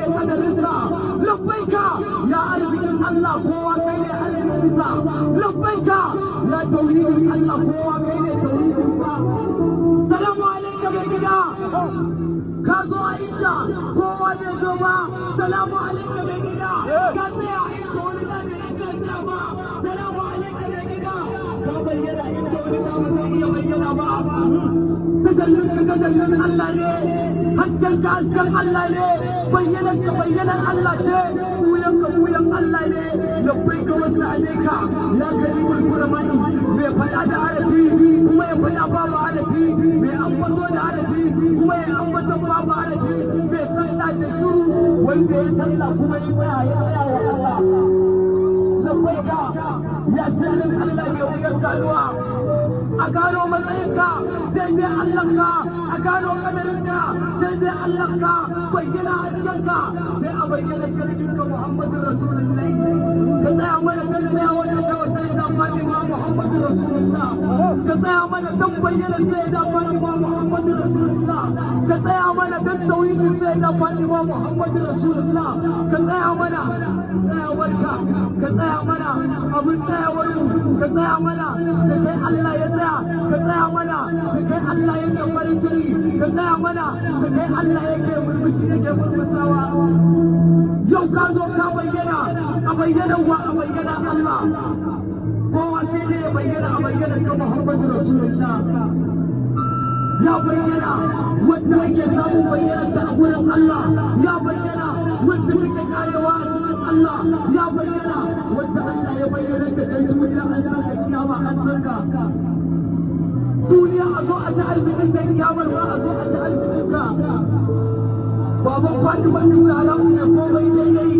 ne kadarinsa labbaika ya arzikin Allah kowa kai ne arzikinsa labbaika ya tauhidin Allah kowa kai ne tauhidinsa salamu alaika mai gida ka zo a inda kowa bai zo ba salamu alaika mai gida ka tsaya a inda wani ba mai aka tsaya ba salamu alaika mai gida ka bayyana inda wani ba mai iya bayyana ba tajallin ka tajallin Allah ne hasken ka hasken Allah ne bayyanan ka bayyanan Allah ce buyan ka Allah ne kai ka wasu aneka ya kari kulkula mani mai faɗa da arabi kuma ya faɗa babu arabi me ambato da arabi kuma ya ambato babu arabi Me sallah da shiru wanda ya salla kuma ya tsaya ya tsaya wa Allah kai ka ya sirrin Allah mai wuyan ganuwa a gano matsayinka sai dai allahnka a gano kadarinka sai dai allahnka bayyana ka? sai a bayyana sarkinka muhammadu rasulullahi ka tsaya mana kan tsaya wajen da wasai da fatima muhammadu rasulullah ka tsaya mana dan bayyana sai muhammadu ka tsaya mana kan tauhidin sai da fatima muhammadu rasulullah ka tsaya mana tsayawarka ka tsaya mana abin tsayawar mu ka tsaya mana da kai allah ya tsaya ka tsaya mana da kai allah ya ke farin jini ka tsaya mana da kai allah ya ke murmushi ya ke murmusawa yau ka zo ka bayyana a bayyana wa a bayyana allah kowa sai dai ya bayyana a bayyana ka muhammadu rasulullah ya bayyana wanda ake samun bayyanarta a gurin Allah ya bayyana wanda muke karewa a cikin Allah ya bayyana wanda Allah ya bayyana da kai duniya an san ka kiyama an san ka duniya a zo a ci arzikin da kiyamar ma a zo a ci arzikin ka baban Fatima ta zara ne bai dai yayi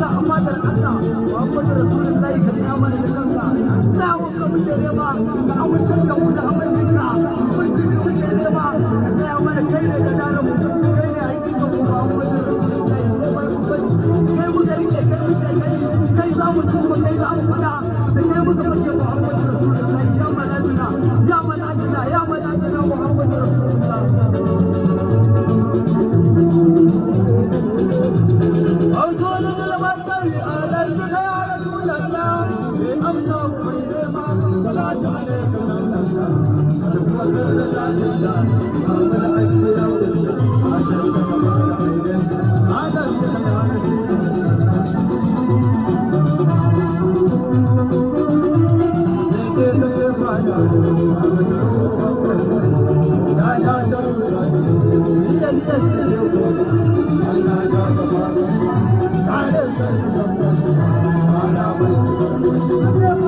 ka amanar Allah Muhammadu Rasulullahi ka tsaya mana da kanka tsawon ka muke nema I'm